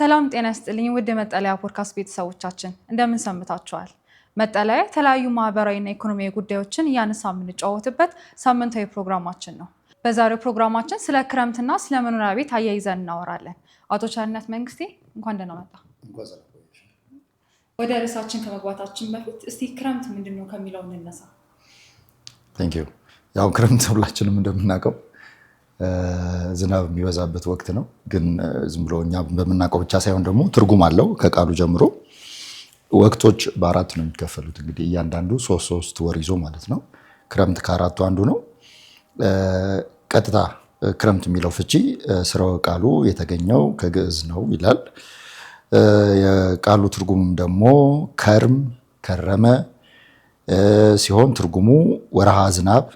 ሰላም ጤና ይስጥልኝ። ውድ የመጠለያ ፖድካስት ቤተሰቦቻችን እንደምን ሰንብታችኋል? መጠለያ የተለያዩ ማህበራዊና ኢኮኖሚያዊ ጉዳዮችን እያነሳ የምንጫወትበት ሳምንታዊ ፕሮግራማችን ነው። በዛሬው ፕሮግራማችን ስለ ክረምትና ስለ መኖሪያ ቤት አያይዘን እናወራለን። አቶ ቸርነት መንግስቴ እንኳን ደህና መጣ። ወደ ርዕሳችን ከመግባታችን በፊት እስቲ ክረምት ምንድን ነው ከሚለው እንነሳ። ያው ክረምት ሁላችንም እንደምናውቀው ዝናብ የሚበዛበት ወቅት ነው። ግን ዝም ብሎ እኛ በምናውቀው ብቻ ሳይሆን ደግሞ ትርጉም አለው ከቃሉ ጀምሮ። ወቅቶች በአራት ነው የሚከፈሉት። እንግዲህ እያንዳንዱ ሶስት ሶስት ወር ይዞ ማለት ነው። ክረምት ከአራቱ አንዱ ነው። ቀጥታ ክረምት የሚለው ፍቺ ስራው ቃሉ የተገኘው ከግዕዝ ነው ይላል። የቃሉ ትርጉምም ደግሞ ከርም ከረመ ሲሆን ትርጉሙ ወርሃ ዝናብ፣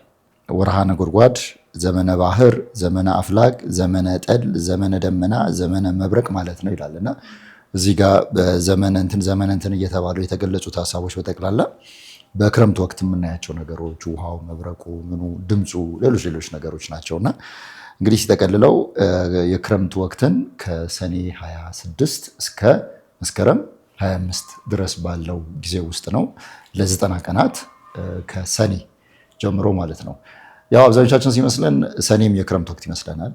ወርሃ ነጎድጓድ ዘመነ ባህር፣ ዘመነ አፍላቅ፣ ዘመነ ጠል፣ ዘመነ ደመና፣ ዘመነ መብረቅ ማለት ነው ይላል እና እዚህ ጋር ዘመነ እንትን እንትን እየተባሉ የተገለጹት ሀሳቦች በጠቅላላ በክረምት ወቅት የምናያቸው ነገሮች ውሃው፣ መብረቁ፣ ምኑ፣ ድምፁ፣ ሌሎች ሌሎች ነገሮች ናቸው እና እንግዲህ ሲጠቀልለው የክረምት ወቅትን ከሰኔ 26 እስከ መስከረም 25 ድረስ ባለው ጊዜ ውስጥ ነው ለዘጠና ቀናት ከሰኔ ጀምሮ ማለት ነው። ያው አብዛኞቻችን ሲመስለን ሰኔም የክረምት ወቅት ይመስለናል።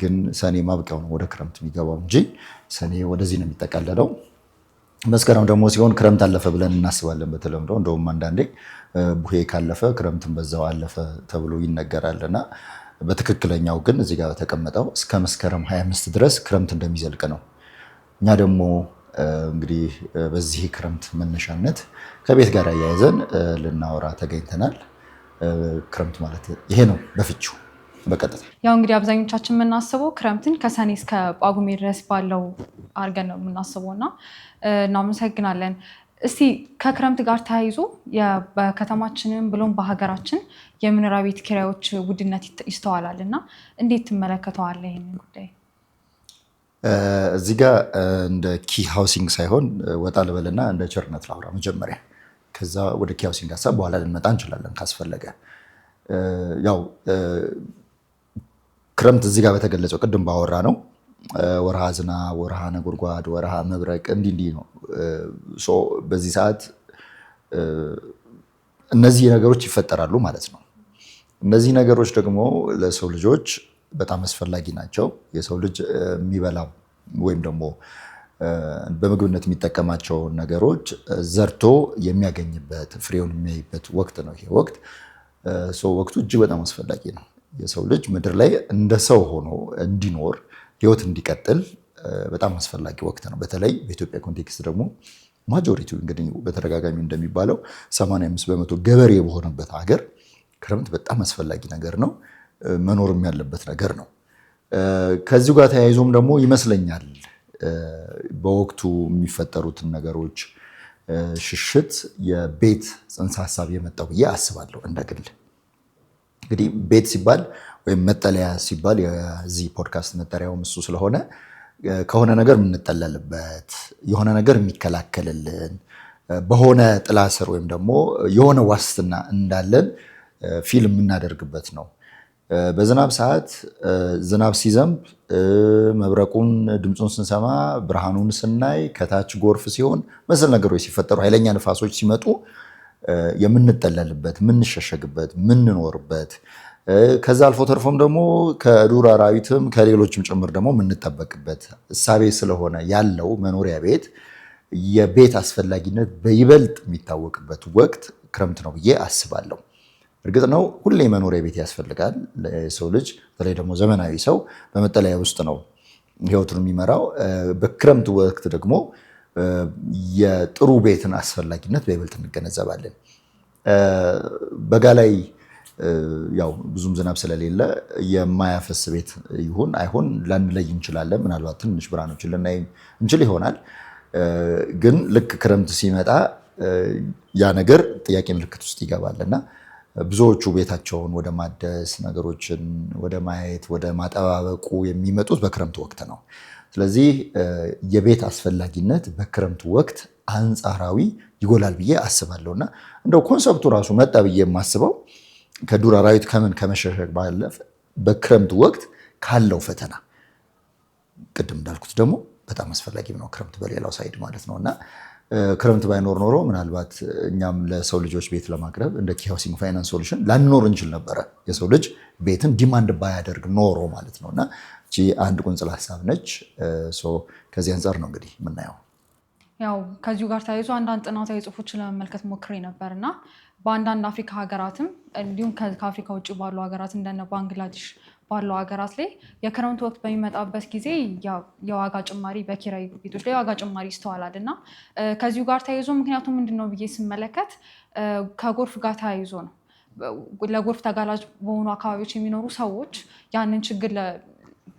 ግን ሰኔ ማብቂያው ነው ወደ ክረምት የሚገባው እንጂ ሰኔ ወደዚህ ነው የሚጠቃለለው። መስከረም ደግሞ ሲሆን ክረምት አለፈ ብለን እናስባለን በተለምዶ እንደውም አንዳንዴ ቡሄ ካለፈ ክረምትን በዛው አለፈ ተብሎ እና በትክክለኛው ግን እዚህ ጋር ተቀመጠው እስከ መስከረም 25 ድረስ ክረምት እንደሚዘልቅ ነው። እኛ ደግሞ እንግዲህ በዚህ ክረምት መነሻነት ከቤት ጋር አያይዘን ልናወራ ተገኝተናል። ክረምት ማለት ይሄ ነው በፍቺው በቀጥታ ያው እንግዲህ አብዛኞቻችን የምናስበው ክረምትን ከሰኔ እስከ ጳጉሜ ድረስ ባለው አድርገን ነው የምናስበው እና እናመሰግናለን። እስቲ ከክረምት ጋር ተያይዞ በከተማችንም ብሎም በሀገራችን የመኖሪያ ቤት ኪራዮች ውድነት ይስተዋላል እና እንዴት ትመለከተዋለ ይህንን ጉዳይ? እዚህ ጋር እንደ ኪ ሃውሲንግ ሳይሆን ወጣ ልበልና እንደ ቸርነት ላውራ መጀመሪያ ከዛ ወደ ኪያው ሀሳብ በኋላ ልንመጣ እንችላለን ካስፈለገ። ያው ክረምት እዚህ ጋር በተገለጸው ቅድም ባወራ ነው ወርሃ ዝናብ፣ ወርሃ ነጎድጓድ፣ ወርሃ መብረቅ እንዲህ እንዲህ ነው። በዚህ ሰዓት እነዚህ ነገሮች ይፈጠራሉ ማለት ነው። እነዚህ ነገሮች ደግሞ ለሰው ልጆች በጣም አስፈላጊ ናቸው። የሰው ልጅ የሚበላው ወይም ደግሞ በምግብነት የሚጠቀማቸው ነገሮች ዘርቶ የሚያገኝበት ፍሬውን የሚያይበት ወቅት ነው። ይሄ ወቅት ሰው ወቅቱ እጅግ በጣም አስፈላጊ ነው። የሰው ልጅ ምድር ላይ እንደ ሰው ሆኖ እንዲኖር ህይወት እንዲቀጥል በጣም አስፈላጊ ወቅት ነው። በተለይ በኢትዮጵያ ኮንቴክስት ደግሞ ማጆሪቲው እንግዲህ በተደጋጋሚ እንደሚባለው 85 በመቶ ገበሬ በሆነበት ሀገር ክረምት በጣም አስፈላጊ ነገር ነው፣ መኖርም ያለበት ነገር ነው። ከዚሁ ጋር ተያይዞም ደግሞ ይመስለኛል በወቅቱ የሚፈጠሩትን ነገሮች ሽሽት የቤት ጽንሰ ሀሳብ የመጣው ብዬ አስባለሁ። እንደግል እንግዲህ ቤት ሲባል ወይም መጠለያ ሲባል የዚህ ፖድካስት መጠሪያውም እሱ ስለሆነ ከሆነ ነገር የምንጠለልበት የሆነ ነገር የሚከላከልልን በሆነ ጥላ ስር ወይም ደግሞ የሆነ ዋስትና እንዳለን ፊል የምናደርግበት ነው። በዝናብ ሰዓት ዝናብ ሲዘንብ መብረቁን ድምፁን ስንሰማ ብርሃኑን ስናይ ከታች ጎርፍ ሲሆን መሰል ነገሮች ሲፈጠሩ ኃይለኛ ንፋሶች ሲመጡ የምንጠለልበት የምንሸሸግበት የምንኖርበት ከዛ አልፎ ተርፎም ደግሞ ከዱር አራዊትም ከሌሎችም ጭምር ደግሞ የምንጠበቅበት እሳቤ ስለሆነ ያለው መኖሪያ ቤት የቤት አስፈላጊነት በይበልጥ የሚታወቅበት ወቅት ክረምት ነው ብዬ አስባለሁ። እርግጥ ነው ሁሌ መኖሪያ ቤት ያስፈልጋል ሰው ልጅ በተለይ ደግሞ ዘመናዊ ሰው በመጠለያ ውስጥ ነው ህይወቱን የሚመራው። በክረምት ወቅት ደግሞ የጥሩ ቤትን አስፈላጊነት በይበልጥ እንገነዘባለን። በጋ ላይ ያው ብዙም ዝናብ ስለሌለ የማያፈስ ቤት ይሁን አይሁን ላንለይ እንችላለን። ምናልባት ትንሽ ብርሃኖችን ልናይ እንችል ይሆናል። ግን ልክ ክረምት ሲመጣ ያ ነገር ጥያቄ ምልክት ውስጥ ይገባል እና ብዙዎቹ ቤታቸውን ወደ ማደስ ነገሮችን ወደ ማየት ወደ ማጠባበቁ የሚመጡት በክረምት ወቅት ነው። ስለዚህ የቤት አስፈላጊነት በክረምት ወቅት አንጻራዊ ይጎላል ብዬ አስባለሁ እና እንደው ኮንሰፕቱ ራሱ መጣ ብዬ የማስበው ከዱር አራዊት ከምን ከመሸሸግ ባለፈ በክረምት ወቅት ካለው ፈተና ቅድም እንዳልኩት ደግሞ በጣም አስፈላጊም ነው ክረምት በሌላው ሳይድ ማለት ነው እና ክረምት ባይኖር ኖሮ ምናልባት እኛም ለሰው ልጆች ቤት ለማቅረብ እንደ ኪ ሃውሲንግ ፋይናንስ ሶሉሽን ላንኖር እንችል ነበረ። የሰው ልጅ ቤትን ዲማንድ ባያደርግ ኖሮ ማለት ነው። እና አንድ ቁንጽል ሀሳብ ነች። ከዚህ አንጻር ነው እንግዲህ የምናየው። ያው ከዚሁ ጋር ተያይዞ አንዳንድ ጥናታዊ ጽሁፎችን ለመመልከት ሞክሬ ነበር እና በአንዳንድ አፍሪካ ሀገራትም እንዲሁም ከአፍሪካ ውጭ ባሉ ሀገራት እንደነ ባንግላዴሽ ባለው ሀገራት ላይ የክረምት ወቅት በሚመጣበት ጊዜ የዋጋ ጭማሪ በኪራይ ቤቶች ላይ የዋጋ ጭማሪ ይስተዋላል እና ከዚሁ ጋር ተያይዞ ምክንያቱም ምንድን ነው ብዬ ስመለከት ከጎርፍ ጋር ተያይዞ ነው። ለጎርፍ ተጋላጭ በሆኑ አካባቢዎች የሚኖሩ ሰዎች ያንን ችግር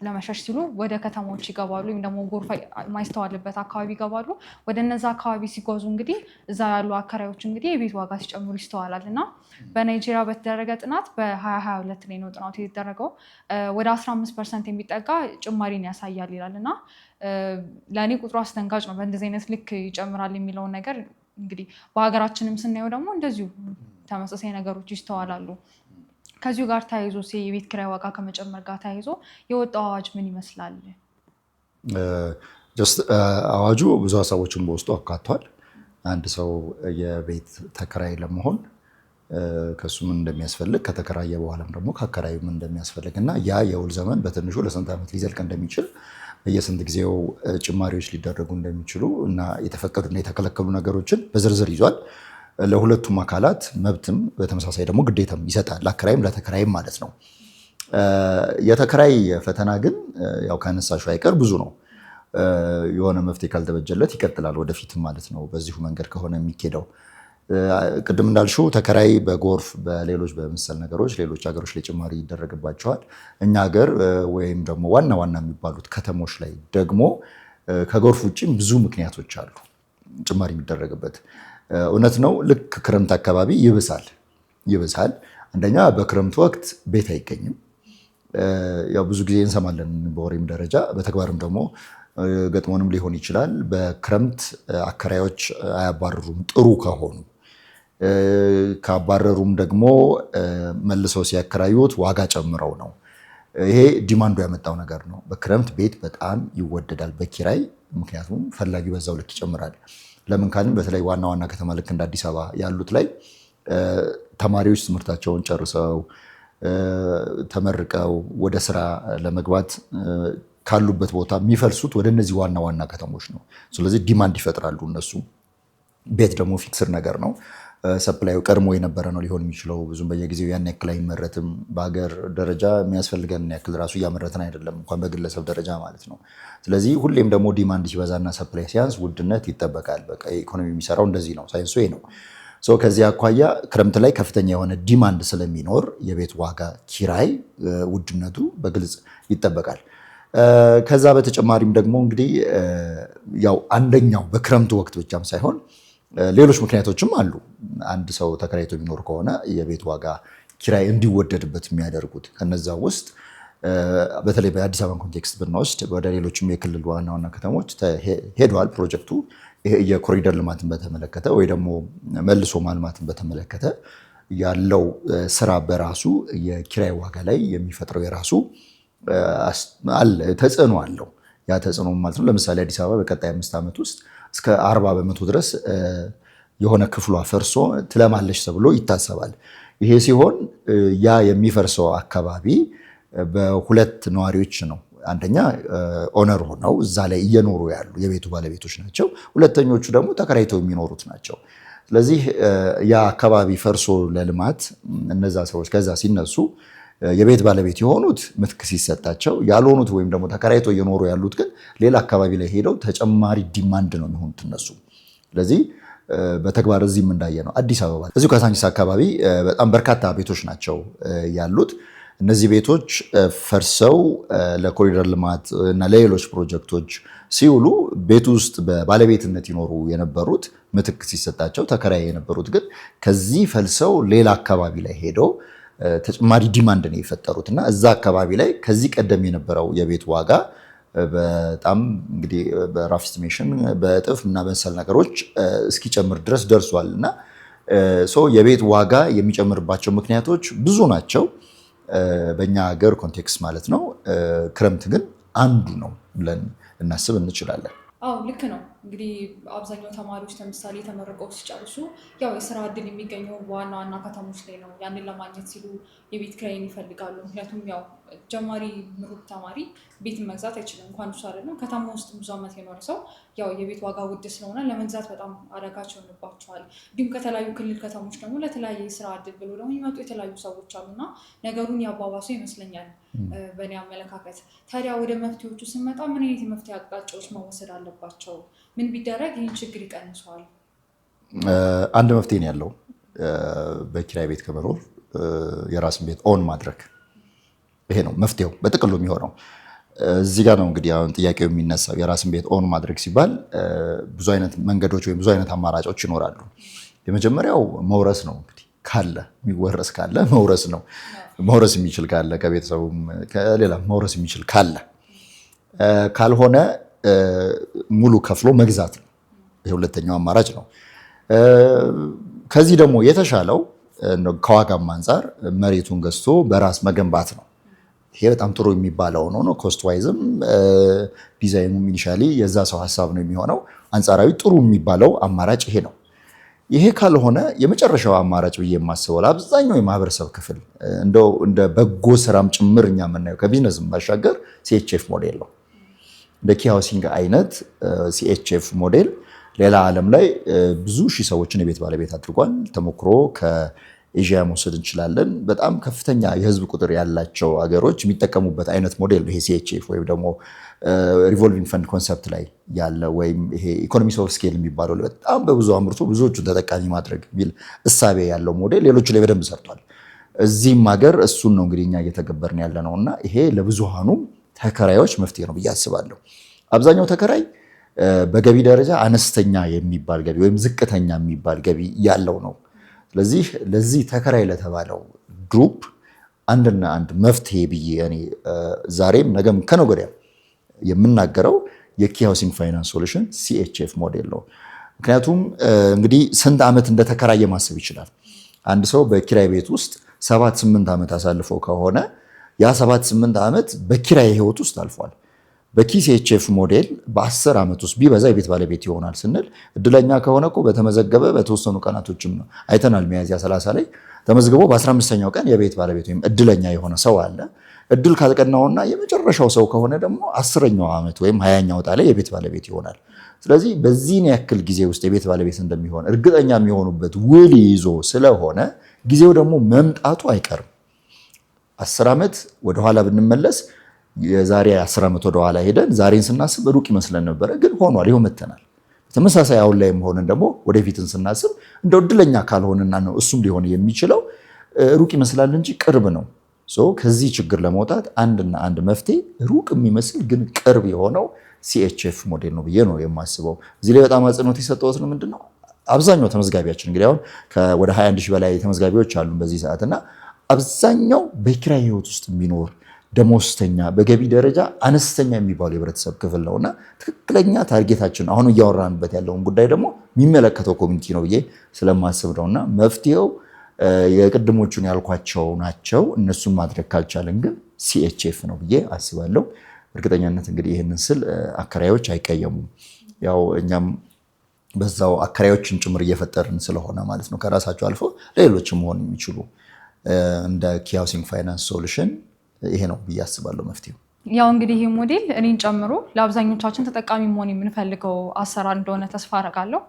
ለመሸሽ ሲሉ ወደ ከተማዎች ይገባሉ፣ ወይም ደግሞ ጎርፍ ማይስተዋልበት አካባቢ ይገባሉ። ወደ እነዚ አካባቢ ሲጓዙ እንግዲህ እዛ ያሉ አከራዮች እንግዲህ የቤት ዋጋ ሲጨምሩ ይስተዋላል እና በናይጄሪያ በተደረገ ጥናት በ2022 ላይ ነው ጥናቱ የተደረገው ወደ 15 ፐርሰንት የሚጠጋ ጭማሪን ያሳያል ይላል እና ለእኔ ቁጥሩ አስደንጋጭ ነው። በእንደዚህ አይነት ልክ ይጨምራል የሚለውን ነገር እንግዲህ በሀገራችንም ስናየው ደግሞ እንደዚሁ ተመሳሳይ ነገሮች ይስተዋላሉ። ከዚሁ ጋር ተያይዞ የቤት ኪራይ ዋጋ ከመጨመር ጋር ተያይዞ የወጣው አዋጅ ምን ይመስላል? አዋጁ ብዙ ሀሳቦችን በውስጡ አካቷል። አንድ ሰው የቤት ተከራይ ለመሆን ከሱ ምን እንደሚያስፈልግ ከተከራየ በኋላም ደግሞ ከአከራዩ ምን እንደሚያስፈልግ እና ያ የውል ዘመን በትንሹ ለስንት ዓመት ሊዘልቅ እንደሚችል በየስንት ጊዜው ጭማሪዎች ሊደረጉ እንደሚችሉ እና የተፈቀዱና የተከለከሉ ነገሮችን በዝርዝር ይዟል። ለሁለቱም አካላት መብትም በተመሳሳይ ደግሞ ግዴታም ይሰጣል፣ ለአከራይም ለተከራይም ማለት ነው። የተከራይ ፈተና ግን ያው ካነሳሽው አይቀር ብዙ ነው። የሆነ መፍትሄ ካልተበጀለት ይቀጥላል ወደፊትም ማለት ነው። በዚሁ መንገድ ከሆነ የሚኬደው ቅድም እንዳልሽው ተከራይ በጎርፍ በሌሎች በመሰል ነገሮች ሌሎች ሀገሮች ላይ ጭማሪ ይደረግባቸዋል። እኛ ሀገር ወይም ደግሞ ዋና ዋና የሚባሉት ከተሞች ላይ ደግሞ ከጎርፍ ውጭም ብዙ ምክንያቶች አሉ ጭማሪ የሚደረግበት እውነት ነው። ልክ ክረምት አካባቢ ይብሳል ይብሳል። አንደኛ በክረምት ወቅት ቤት አይገኝም። ያው ብዙ ጊዜ እንሰማለን በወሬም ደረጃ በተግባርም ደግሞ ገጥሞንም ሊሆን ይችላል። በክረምት አከራዮች አያባረሩም ጥሩ ከሆኑ ካባረሩም ደግሞ መልሰው ሲያከራዩት ዋጋ ጨምረው ነው። ይሄ ዲማንዱ ያመጣው ነገር ነው። በክረምት ቤት በጣም ይወደዳል በኪራይ ምክንያቱም ፈላጊ በዛው ልክ ይጨምራል። ለምን ካልን በተለይ ዋና ዋና ከተማ ልክ እንደ አዲስ አበባ ያሉት ላይ ተማሪዎች ትምህርታቸውን ጨርሰው ተመርቀው ወደ ስራ ለመግባት ካሉበት ቦታ የሚፈልሱት ወደ እነዚህ ዋና ዋና ከተሞች ነው። ስለዚህ ዲማንድ ይፈጥራሉ እነሱ። ቤት ደግሞ ፊክስር ነገር ነው። ሰፕላዩ ቀድሞ የነበረ ነው ሊሆን የሚችለው። ብዙም በየጊዜው ያን ያክል አይመረትም። በሀገር ደረጃ የሚያስፈልገን ያክል ራሱ እያመረትን አይደለም፣ እንኳን በግለሰብ ደረጃ ማለት ነው። ስለዚህ ሁሌም ደግሞ ዲማንድ ሲበዛና ሰፕላይ ሲያንስ ውድነት ይጠበቃል። በቃ ኢኮኖሚ የሚሰራው እንደዚህ ነው፣ ሳይንሱ ይሄ ነው። ከዚህ አኳያ ክረምት ላይ ከፍተኛ የሆነ ዲማንድ ስለሚኖር የቤት ዋጋ ኪራይ ውድነቱ በግልጽ ይጠበቃል። ከዛ በተጨማሪም ደግሞ እንግዲህ ያው አንደኛው በክረምቱ ወቅት ብቻም ሳይሆን ሌሎች ምክንያቶችም አሉ። አንድ ሰው ተከራይቶ የሚኖር ከሆነ የቤት ዋጋ ኪራይ እንዲወደድበት የሚያደርጉት ከነዛ ውስጥ በተለይ በአዲስ አበባ ኮንቴክስት ብንወስድ ወደ ሌሎችም የክልል ዋና ዋና ከተሞች ሄደዋል ፕሮጀክቱ የኮሪደር ልማትን በተመለከተ ወይ ደግሞ መልሶ ማልማትን በተመለከተ ያለው ስራ በራሱ የኪራይ ዋጋ ላይ የሚፈጥረው የራሱ ተጽዕኖ አለው። ያ ተጽዕኖ ማለት ነው። ለምሳሌ አዲስ አበባ በቀጣይ አምስት ዓመት ውስጥ እስከ አርባ በመቶ ድረስ የሆነ ክፍሏ ፈርሶ ትለማለች ተብሎ ይታሰባል። ይሄ ሲሆን ያ የሚፈርሰው አካባቢ በሁለት ነዋሪዎች ነው። አንደኛ ኦነር ሆነው እዛ ላይ እየኖሩ ያሉ የቤቱ ባለቤቶች ናቸው። ሁለተኞቹ ደግሞ ተከራይተው የሚኖሩት ናቸው። ስለዚህ ያ አካባቢ ፈርሶ ለልማት እነዛ ሰዎች ከዛ ሲነሱ የቤት ባለቤት የሆኑት ምትክ ሲሰጣቸው ያልሆኑት ወይም ደግሞ ተከራይቶ እየኖሩ ያሉት ግን ሌላ አካባቢ ላይ ሄደው ተጨማሪ ዲማንድ ነው የሚሆኑት እነሱ። ስለዚህ በተግባር እዚህም እንዳየ ነው አዲስ አበባ እዚሁ ካዛንቺስ አካባቢ በጣም በርካታ ቤቶች ናቸው ያሉት። እነዚህ ቤቶች ፈርሰው ለኮሪደር ልማት እና ለሌሎች ፕሮጀክቶች ሲውሉ ቤት ውስጥ በባለቤትነት ይኖሩ የነበሩት ምትክ ሲሰጣቸው ተከራይ የነበሩት ግን ከዚህ ፈልሰው ሌላ አካባቢ ላይ ሄደው ተጨማሪ ዲማንድ ነው የፈጠሩት እና እዛ አካባቢ ላይ ከዚህ ቀደም የነበረው የቤት ዋጋ በጣም እንግዲህ በራፍ ስቲሜሽን በእጥፍ እና በመሰል ነገሮች እስኪጨምር ድረስ ደርሷል እና የቤት ዋጋ የሚጨምርባቸው ምክንያቶች ብዙ ናቸው። በእኛ ሀገር ኮንቴክስት ማለት ነው። ክረምት ግን አንዱ ነው ብለን ልናስብ እንችላለን። አዎ ልክ ነው። እንግዲህ አብዛኛው ተማሪዎች ለምሳሌ ተመርቀው ሲጨርሱ ያው የስራ እድል የሚገኘው ዋና ዋና ከተሞች ላይ ነው። ያንን ለማግኘት ሲሉ የቤት ክራይን ይፈልጋሉ። ምክንያቱም ያው ጀማሪ ምሩቅ ተማሪ ቤት መግዛት አይችልም። እንኳን እሱ አይደለም ከተማ ውስጥ ብዙ ዓመት የኖረ ሰው ያው የቤት ዋጋ ውድ ስለሆነ ለመግዛት በጣም አዳጋች ይሆንባቸዋል። እንዲሁም ከተለያዩ ክልል ከተሞች ደግሞ ለተለያየ የስራ እድል ብሎ ደግሞ የሚመጡ የተለያዩ ሰዎች አሉና ነገሩን ያባባሱ ይመስለኛል በእኔ አመለካከት። ታዲያ ወደ መፍትሄዎቹ ስንመጣ ምን አይነት የመፍትሄ አቅጣጫዎች መወሰድ አለባቸው? ምን ቢደረግ ይህን ችግር ይቀንሰዋል? አንድ መፍትሄ ነው ያለው። በኪራይ ቤት ከመኖር የራስን ቤት ኦን ማድረግ፣ ይሄ ነው መፍትሄው በጥቅሉ የሚሆነው። እዚህ ጋር ነው እንግዲህ አሁን ጥያቄው የሚነሳው። የራስን ቤት ኦን ማድረግ ሲባል ብዙ አይነት መንገዶች ወይም ብዙ አይነት አማራጮች ይኖራሉ። የመጀመሪያው መውረስ ነው እንግዲህ ካለ የሚወረስ ካለ መውረስ ነው። መውረስ የሚችል ካለ ከቤተሰቡም ከሌላ መውረስ የሚችል ካለ ካልሆነ ሙሉ ከፍሎ መግዛት ነው። ሁለተኛው አማራጭ ነው። ከዚህ ደግሞ የተሻለው ከዋጋም አንጻር መሬቱን ገዝቶ በራስ መገንባት ነው። ይሄ በጣም ጥሩ የሚባለው ሆኖ ነው። ኮስት ዋይዝም ዲዛይኑም ኢኒሻሊ የዛ ሰው ሀሳብ ነው የሚሆነው። አንጻራዊ ጥሩ የሚባለው አማራጭ ይሄ ነው። ይሄ ካልሆነ የመጨረሻው አማራጭ ብዬ የማስበው ለአብዛኛው የማህበረሰብ ክፍል እንደው እንደ በጎ ስራም ጭምር እኛ የምናየው ከቢዝነስም ባሻገር ሲኤችኤፍ ሞዴል ነው። እንደ ሃውሲንግ አይነት ሲኤችኤፍ ሞዴል ሌላ ዓለም ላይ ብዙ ሺህ ሰዎችን የቤት ባለቤት አድርጓል። ተሞክሮ ከኤዥያ መውሰድ እንችላለን። በጣም ከፍተኛ የህዝብ ቁጥር ያላቸው ሀገሮች የሚጠቀሙበት አይነት ሞዴል ይሄ ሲኤችኤፍ ወይም ደግሞ ሪቮልቪንግ ፈንድ ኮንሰፕት ላይ ያለ ወይም ይሄ ኢኮኖሚስ ኦፍ ስኬል የሚባለው በጣም በብዙ አምርቶ ብዙዎቹን ተጠቃሚ ማድረግ የሚል እሳቤ ያለው ሞዴል ሌሎቹ ላይ በደንብ ሰርቷል። እዚህም ሀገር እሱን ነው እንግዲህ እኛ እየተገበርን ያለ ነው እና ይሄ ለብዙሃኑም ተከራዮች መፍትሄ ነው ብዬ አስባለሁ። አብዛኛው ተከራይ በገቢ ደረጃ አነስተኛ የሚባል ገቢ ወይም ዝቅተኛ የሚባል ገቢ ያለው ነው። ስለዚህ ለዚህ ተከራይ ለተባለው ግሩፕ አንድና አንድ መፍትሄ ብዬ እኔ ዛሬም ነገም ከነገ ወዲያ የምናገረው የኪ ሃውሲንግ ፋይናንስ ሶሉሽን ሲኤችኤፍ ሞዴል ነው። ምክንያቱም እንግዲህ ስንት ዓመት እንደተከራየ ማሰብ ይችላል። አንድ ሰው በኪራይ ቤት ውስጥ ሰባት ስምንት ዓመት አሳልፎ ከሆነ ያ ሰባት ስምንት ዓመት በኪራይ ህይወት ውስጥ አልፏል። በኪሴቼፍ ሞዴል በአስር ዓመት ውስጥ ቢበዛ የቤት ባለቤት ይሆናል ስንል እድለኛ ከሆነ እኮ በተመዘገበ በተወሰኑ ቀናቶችም ነው አይተናል። ሚያዝያ 30 ላይ ተመዝግቦ በ15ኛው ቀን የቤት ባለቤት ወይም እድለኛ የሆነ ሰው አለ። እድል ካልቀናውና የመጨረሻው ሰው ከሆነ ደግሞ አስረኛው ዓመት ወይም ሀያኛው ዕጣ ላይ የቤት ባለቤት ይሆናል። ስለዚህ በዚህን ያክል ጊዜ ውስጥ የቤት ባለቤት እንደሚሆን እርግጠኛ የሚሆኑበት ውል ይዞ ስለሆነ ጊዜው ደግሞ መምጣቱ አይቀርም። አስር ዓመት ወደኋላ ብንመለስ የዛሬ አስር ዓመት ወደኋላ ሄደን ዛሬን ስናስብ ሩቅ ይመስለን ነበረ፣ ግን ሆኗል። ይኸው መተናል። ተመሳሳይ አሁን ላይ ሆነን ደግሞ ወደፊትን ስናስብ እንደ እድለኛ ካልሆንና ነው እሱም ሊሆን የሚችለው ሩቅ ይመስላል እንጂ ቅርብ ነው። ከዚህ ችግር ለመውጣት አንድና አንድ መፍትሄ ሩቅ የሚመስል ግን ቅርብ የሆነው ሲኤችኤፍ ሞዴል ነው ብዬ ነው የማስበው። እዚህ ላይ በጣም አጽንኦት የሰጠሁት ነው ምንድን ነው አብዛኛው ተመዝጋቢያችን እንግዲህ አሁን ወደ 21 ሺህ በላይ ተመዝጋቢዎች አሉ በዚህ ሰዓት እና አብዛኛው በኪራይ ህይወት ውስጥ የሚኖር ደሞዝተኛ፣ በገቢ ደረጃ አነስተኛ የሚባሉ የህብረተሰብ ክፍል ነው እና ትክክለኛ ታርጌታችን አሁን እያወራንበት ያለውን ጉዳይ ደግሞ የሚመለከተው ኮሚኒቲ ነው ብዬ ስለማስብ ነው እና መፍትሄው የቅድሞቹን ያልኳቸው ናቸው። እነሱን ማድረግ ካልቻለን ግን ሲኤችኤፍ ነው ብዬ አስባለሁ። እርግጠኛነት እንግዲህ ይህንን ስል አከራዮች አይቀየሙም። ያው እኛም በዛው አከራዮችን ጭምር እየፈጠርን ስለሆነ ማለት ነው ከራሳቸው አልፎ ለሌሎች መሆን የሚችሉ እንደ ኪ ሃውሲንግ ፋይናንስ ሶሉሽን ይሄ ነው ብዬ አስባለሁ መፍትሄው። ያው እንግዲህ ይህ ሞዴል እኔን ጨምሮ ለአብዛኞቻችን ተጠቃሚ መሆን የምንፈልገው አሰራር እንደሆነ ተስፋ አረጋለሁ።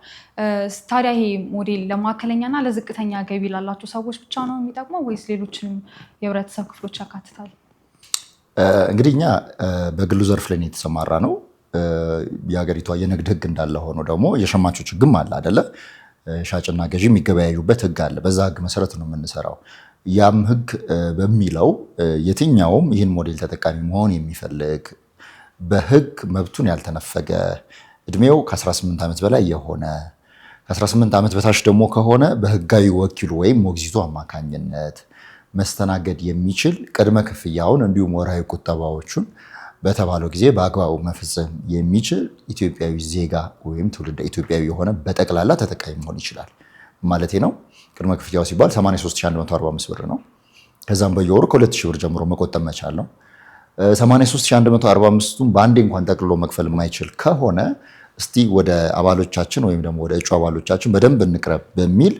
ታዲያ ይሄ ሞዴል ለማዕከለኛና ለዝቅተኛ ገቢ ላላቸው ሰዎች ብቻ ነው የሚጠቅመው ወይስ ሌሎችንም የህብረተሰብ ክፍሎች ያካትታል? እንግዲህ እኛ በግሉ ዘርፍ ላይ የተሰማራ ነው። የሀገሪቷ የንግድ ህግ እንዳለ ሆኖ ደግሞ የሸማቾች ህግም አለ አደለ? ሻጭና ገዢ የሚገበያዩበት ህግ አለ። በዛ ህግ መሰረት ነው የምንሰራው። ያም ህግ በሚለው የትኛውም ይህን ሞዴል ተጠቃሚ መሆን የሚፈልግ በህግ መብቱን ያልተነፈገ እድሜው ከ18 ዓመት በላይ የሆነ ከ18 ዓመት በታች ደግሞ ከሆነ በህጋዊ ወኪሉ ወይም ሞግዚቱ አማካኝነት መስተናገድ የሚችል ቅድመ ክፍያውን እንዲሁም ወርሃዊ ቁጠባዎቹን በተባለው ጊዜ በአግባቡ መፈጸም የሚችል ኢትዮጵያዊ ዜጋ ወይም ትውልደ ኢትዮጵያዊ የሆነ በጠቅላላ ተጠቃሚ መሆን ይችላል ማለት ነው። ቅድመ ክፍያው ሲባል 83145 ብር ነው። ከዛም በየወሩ ከ2000 ብር ጀምሮ መቆጠብ መቻል ነው። 83145ቱን በአንዴ እንኳን ጠቅልሎ መክፈል የማይችል ከሆነ እስቲ ወደ አባሎቻችን ወይም ደግሞ ወደ እጩ አባሎቻችን በደንብ እንቅረብ በሚል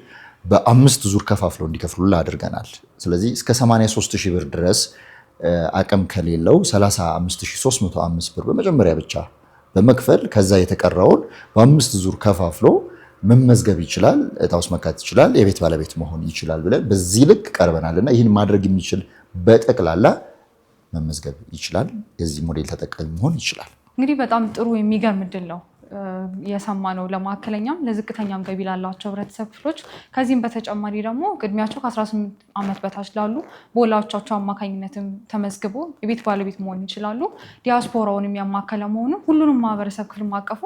በአምስት ዙር ከፋፍለው እንዲከፍሉላ አድርገናል። ስለዚህ እስከ 83 ብር ድረስ አቅም ከሌለው 35305 ብር በመጀመሪያ ብቻ በመክፈል ከዛ የተቀረውን በአምስት ዙር ከፋፍሎ መመዝገብ ይችላል፣ እጣ ውስጥ ይችላል፣ የቤት ባለቤት መሆን ይችላል ብለን በዚህ ልክ ቀርበናል እና ይህን ማድረግ የሚችል በጠቅላላ መመዝገብ ይችላል። የዚህ ሞዴል ተጠቃሚ መሆን ይችላል። እንግዲህ በጣም ጥሩ የሚገርም እድል ነው። የሰማ ነው ለማከለኛም ለዝቅተኛም ገቢ ላላቸው ህብረተሰብ ክፍሎች ከዚህም በተጨማሪ ደግሞ ቅድሚያቸው ከ18 ዓመት በታች ላሉ በወላጆቻቸው አማካኝነትም ተመዝግቦ የቤት ባለቤት መሆን ይችላሉ። ዲያስፖራውን የሚያማከለ መሆኑ ሁሉንም ማህበረሰብ ክፍል ማቀፉ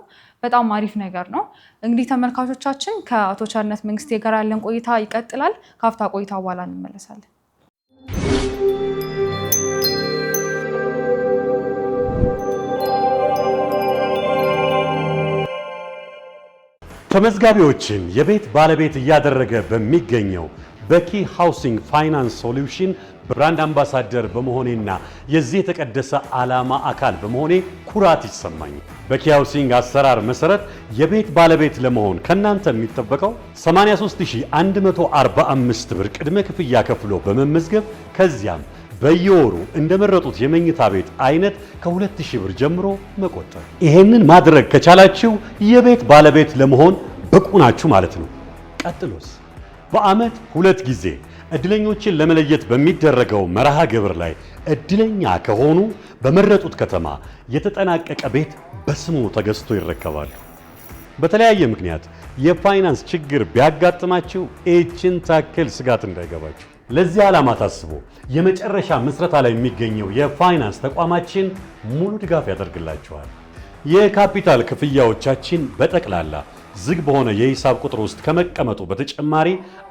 በጣም አሪፍ ነገር ነው። እንግዲህ ተመልካቾቻችን ከአቶ ቸርነት መንግስቴ ጋር ያለን ቆይታ ይቀጥላል። ከአፍታ ቆይታ በኋላ እንመለሳለን። ተመዝጋቢዎችን የቤት ባለቤት እያደረገ በሚገኘው በኪ ሃውሲንግ ፋይናንስ ሶሉሽን ብራንድ አምባሳደር በመሆኔና የዚህ የተቀደሰ ዓላማ አካል በመሆኔ ኩራት ይሰማኝ። በኪ ሃውሲንግ አሰራር መሰረት የቤት ባለቤት ለመሆን ከእናንተ የሚጠበቀው 83145 ብር ቅድመ ክፍያ ከፍሎ በመመዝገብ ከዚያም በየወሩ እንደመረጡት የመኝታ ቤት አይነት ከ2000 ብር ጀምሮ መቆጠር ይሄንን ማድረግ ከቻላችሁ የቤት ባለቤት ለመሆን ብቁ ናችሁ ማለት ነው። ቀጥሎስ በዓመት ሁለት ጊዜ እድለኞችን ለመለየት በሚደረገው መርሃ ግብር ላይ እድለኛ ከሆኑ በመረጡት ከተማ የተጠናቀቀ ቤት በስሙ ተገዝቶ ይረከባሉ። በተለያየ ምክንያት የፋይናንስ ችግር ቢያጋጥማችሁ ይህችን ታክል ስጋት እንዳይገባችሁ ለዚህ ዓላማ ታስቦ የመጨረሻ ምስረታ ላይ የሚገኘው የፋይናንስ ተቋማችን ሙሉ ድጋፍ ያደርግላችኋል። የካፒታል ክፍያዎቻችን በጠቅላላ ዝግ በሆነ የሂሳብ ቁጥር ውስጥ ከመቀመጡ በተጨማሪ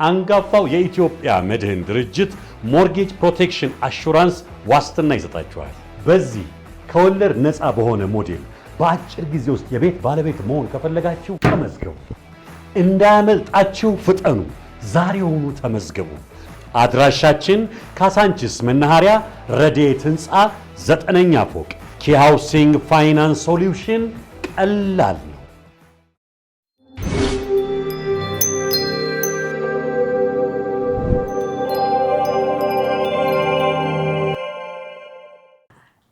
አንጋፋው የኢትዮጵያ መድህን ድርጅት ሞርጌጅ ፕሮቴክሽን አሹራንስ ዋስትና ይሰጣችኋል። በዚህ ከወለድ ነፃ በሆነ ሞዴል በአጭር ጊዜ ውስጥ የቤት ባለቤት መሆን ከፈለጋችሁ ተመዝገቡ። እንዳያመልጣችሁ ፍጠኑ። ዛሬውኑ ተመዝገቡ። አድራሻችን ካሳንቺስ መናኸሪያ ረድኤት ህንፃ ዘጠነኛ ፎቅ ኪ ሃውሲንግ ፋይናንስ ሶሉሽን ቀላል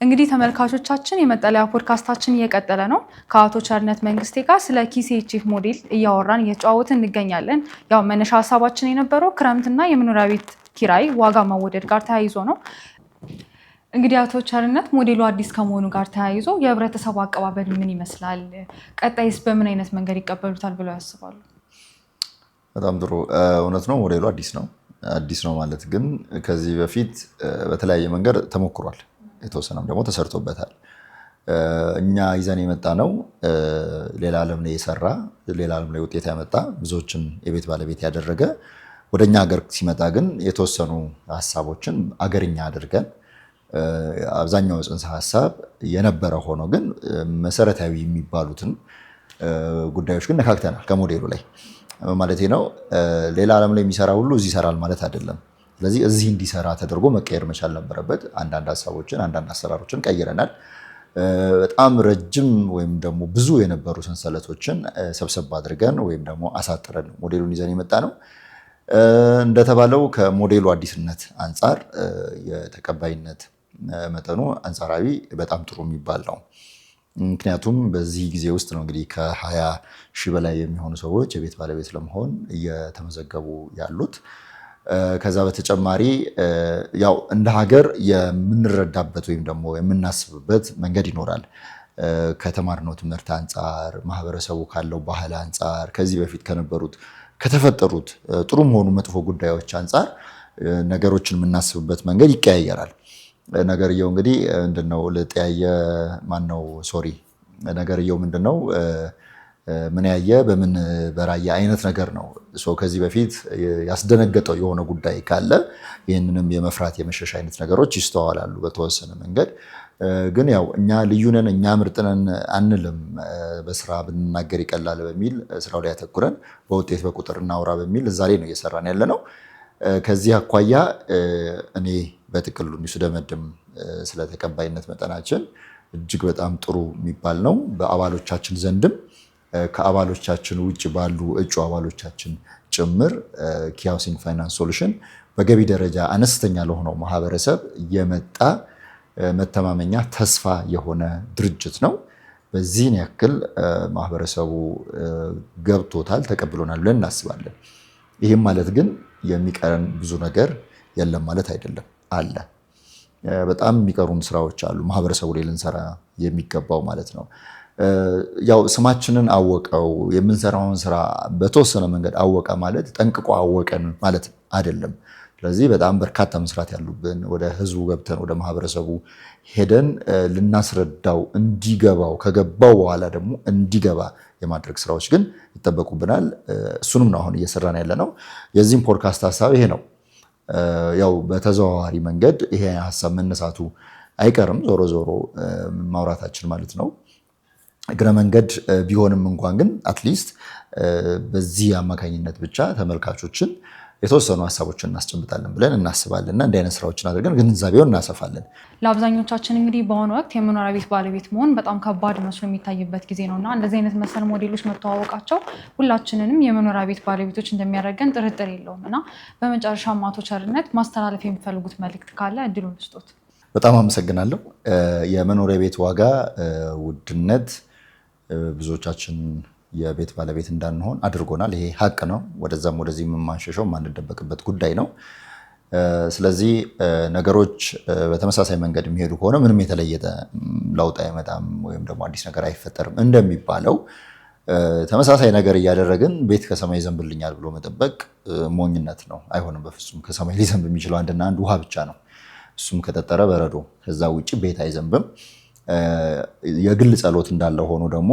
እንግዲህ ተመልካቾቻችን የመጠለያ ፖድካስታችን እየቀጠለ ነው። ከአቶ ቸርነት መንግስቴ ጋር ስለ ኪሴ ቺፍ ሞዴል እያወራን እየተጫወትን እንገኛለን። ያው መነሻ ሀሳባችን የነበረው ክረምትና የመኖሪያ ቤት ኪራይ ዋጋ መወደድ ጋር ተያይዞ ነው። እንግዲህ አቶ ቸርነት ሞዴሉ አዲስ ከመሆኑ ጋር ተያይዞ የህብረተሰቡ አቀባበል ምን ይመስላል? ቀጣይስ በምን አይነት መንገድ ይቀበሉታል ብለው ያስባሉ? በጣም ጥሩ። እውነት ነው ሞዴሉ አዲስ ነው። አዲስ ነው ማለት ግን ከዚህ በፊት በተለያየ መንገድ ተሞክሯል የተወሰነም ደግሞ ተሰርቶበታል። እኛ ይዘን የመጣ ነው ሌላ ዓለም ላይ የሰራ ሌላ ዓለም ላይ ውጤት ያመጣ ብዙዎችን የቤት ባለቤት ያደረገ ወደ እኛ ሀገር ሲመጣ ግን የተወሰኑ ሀሳቦችን አገርኛ አድርገን አብዛኛው ጽንሰ ሀሳብ የነበረ ሆኖ ግን መሰረታዊ የሚባሉትን ጉዳዮች ግን ነካክተናል። ከሞዴሉ ላይ ማለት ነው። ሌላ ዓለም ላይ የሚሰራ ሁሉ እዚህ ይሰራል ማለት አይደለም። ስለዚህ እዚህ እንዲሰራ ተደርጎ መቀየር መቻል ነበረበት። አንዳንድ ሀሳቦችን አንዳንድ አሰራሮችን ቀይረናል። በጣም ረጅም ወይም ደግሞ ብዙ የነበሩ ሰንሰለቶችን ሰብሰብ አድርገን ወይም ደግሞ አሳጥረን ሞዴሉን ይዘን የመጣ ነው። እንደተባለው ከሞዴሉ አዲስነት አንጻር የተቀባይነት መጠኑ አንጻራዊ በጣም ጥሩ የሚባል ነው። ምክንያቱም በዚህ ጊዜ ውስጥ ነው እንግዲህ ከሀያ ሺህ በላይ የሚሆኑ ሰዎች የቤት ባለቤት ለመሆን እየተመዘገቡ ያሉት። ከዛ በተጨማሪ ያው እንደ ሀገር የምንረዳበት ወይም ደግሞ የምናስብበት መንገድ ይኖራል። ከተማርነው ትምህርት አንጻር፣ ማህበረሰቡ ካለው ባህል አንጻር፣ ከዚህ በፊት ከነበሩት ከተፈጠሩት ጥሩ መሆኑ መጥፎ ጉዳዮች አንጻር ነገሮችን የምናስብበት መንገድ ይቀያየራል። ነገርየው እንግዲህ ምንድነው ለጠያየ ማነው ሶሪ ነገርየው ምንድነው ምን ያየ በምን በራየ አይነት ነገር ነው ሰው ከዚህ በፊት ያስደነገጠው የሆነ ጉዳይ ካለ ይህንንም የመፍራት የመሸሽ አይነት ነገሮች ይስተዋላሉ። በተወሰነ መንገድ ግን ያው እኛ ልዩነን እኛ ምርጥነን አንልም። በስራ ብንናገር ይቀላል በሚል ስራው ላይ ያተኩረን በውጤት በቁጥር እናውራ በሚል እዛ ላይ ነው እየሰራን ያለ ነው። ከዚህ አኳያ እኔ በጥቅሉ ስደመድም ስለ ስለተቀባይነት መጠናችን እጅግ በጣም ጥሩ የሚባል ነው በአባሎቻችን ዘንድም ከአባሎቻችን ውጭ ባሉ እጩ አባሎቻችን ጭምር ኪ ሃውሲንግ ፋይናንስ ሶሉሽን በገቢ ደረጃ አነስተኛ ለሆነው ማህበረሰብ የመጣ መተማመኛ ተስፋ የሆነ ድርጅት ነው። በዚህን ያክል ማህበረሰቡ ገብቶታል፣ ተቀብሎናል ብለን እናስባለን። ይህም ማለት ግን የሚቀረን ብዙ ነገር የለም ማለት አይደለም። አለ፣ በጣም የሚቀሩን ስራዎች አሉ ማህበረሰቡ ላይ ልንሰራ የሚገባው ማለት ነው። ያው ስማችንን አወቀው የምንሰራውን ስራ በተወሰነ መንገድ አወቀ ማለት ጠንቅቆ አወቀን ማለት አይደለም። ስለዚህ በጣም በርካታ መስራት ያሉብን ወደ ህዝቡ ገብተን ወደ ማህበረሰቡ ሄደን ልናስረዳው እንዲገባው ከገባው በኋላ ደግሞ እንዲገባ የማድረግ ስራዎች ግን ይጠበቁብናል። እሱንም ነው አሁን እየሰራን ያለ ነው። የዚህም ፖድካስት ሀሳብ ይሄ ነው። ያው በተዘዋዋሪ መንገድ ይሄ ሀሳብ መነሳቱ አይቀርም። ዞሮ ዞሮ ማውራታችን ማለት ነው። እግረ መንገድ ቢሆንም እንኳን ግን አትሊስት በዚህ አማካኝነት ብቻ ተመልካቾችን የተወሰኑ ሀሳቦችን እናስጨምጣለን ብለን እናስባለን እና እንዲህ አይነት ስራዎችን አድርገን ግንዛቤውን እናሰፋለን። ለአብዛኞቻችን እንግዲህ በአሁኑ ወቅት የመኖሪያ ቤት ባለቤት መሆን በጣም ከባድ መስሎ የሚታይበት ጊዜ ነው እና እንደዚህ አይነት መሰል ሞዴሎች መተዋወቃቸው ሁላችንንም የመኖሪያ ቤት ባለቤቶች እንደሚያደርገን ጥርጥር የለውም እና በመጨረሻ አቶ ቸርነት ማስተላለፍ የሚፈልጉት መልእክት ካለ እድሉን ስጦት። በጣም አመሰግናለሁ። የመኖሪያ ቤት ዋጋ ውድነት ብዙዎቻችን የቤት ባለቤት እንዳንሆን አድርጎናል። ይሄ ሀቅ ነው። ወደዛም ወደዚህ የምንማሸሸው የማንደበቅበት ጉዳይ ነው። ስለዚህ ነገሮች በተመሳሳይ መንገድ የሚሄዱ ከሆነ ምንም የተለየጠ ለውጥ አይመጣም ወይም ደግሞ አዲስ ነገር አይፈጠርም እንደሚባለው ተመሳሳይ ነገር እያደረግን ቤት ከሰማይ ይዘንብልኛል ብሎ መጠበቅ ሞኝነት ነው። አይሆንም በፍጹም። ከሰማይ ሊዘንብ የሚችለው አንድና አንድ ውሃ ብቻ ነው። እሱም ከጠጠረ በረዶ፣ ከዛ ውጭ ቤት አይዘንብም። የግል ጸሎት እንዳለ ሆኖ ደግሞ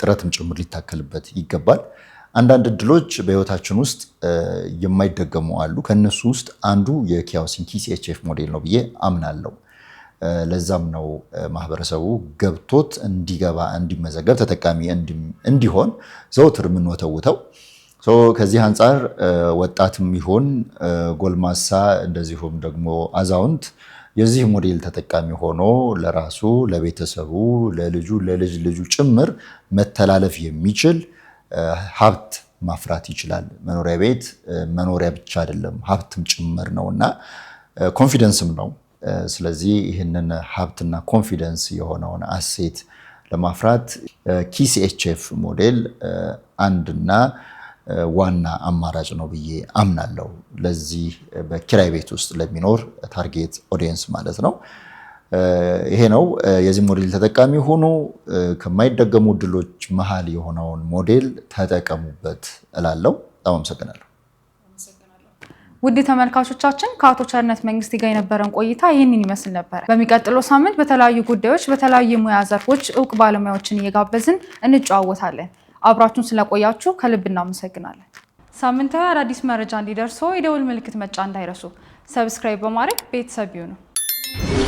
ጥረትም ጭምር ሊታከልበት ይገባል። አንዳንድ እድሎች በህይወታችን ውስጥ የማይደገሙ አሉ። ከእነሱ ውስጥ አንዱ የኪያውሲንኪ ሲኤችኤፍ ሞዴል ነው ብዬ አምናለሁ። ለዛም ነው ማህበረሰቡ ገብቶት እንዲገባ እንዲመዘገብ ተጠቃሚ እንዲሆን ዘውትር የምንወተውተው። ከዚህ አንጻር ወጣትም ይሁን ጎልማሳ እንደዚሁም ደግሞ አዛውንት የዚህ ሞዴል ተጠቃሚ ሆኖ ለራሱ ለቤተሰቡ፣ ለልጁ፣ ለልጅ ልጁ ጭምር መተላለፍ የሚችል ሀብት ማፍራት ይችላል። መኖሪያ ቤት መኖሪያ ብቻ አይደለም፣ ሀብትም ጭምር ነው እና ኮንፊደንስም ነው። ስለዚህ ይህንን ሀብትና ኮንፊደንስ የሆነውን አሴት ለማፍራት ኪሲኤችኤፍ ሞዴል አንድና ዋና አማራጭ ነው ብዬ አምናለሁ። ለዚህ በኪራይ ቤት ውስጥ ለሚኖር ታርጌት ኦዲየንስ ማለት ነው። ይሄ ነው የዚህ ሞዴል ተጠቃሚ ሁኑ። ከማይደገሙ እድሎች መሀል የሆነውን ሞዴል ተጠቀሙበት እላለሁ። በጣም አመሰግናለሁ። ውድ ተመልካቾቻችን ከአቶ ቸርነት መንግስቴ ጋር የነበረን ቆይታ ይህንን ይመስል ነበር። በሚቀጥለው ሳምንት በተለያዩ ጉዳዮች በተለያዩ ሙያ ዘርፎች እውቅ ባለሙያዎችን እየጋበዝን እንጨዋወታለን። አብራችሁን ስለቆያችሁ ከልብ እናመሰግናለን። ሳምንታዊ አዳዲስ መረጃ እንዲደርሶ የደውል ምልክት መጫ እንዳይረሱ፣ ሰብስክራይብ በማድረግ ቤተሰብ ይሁኑ።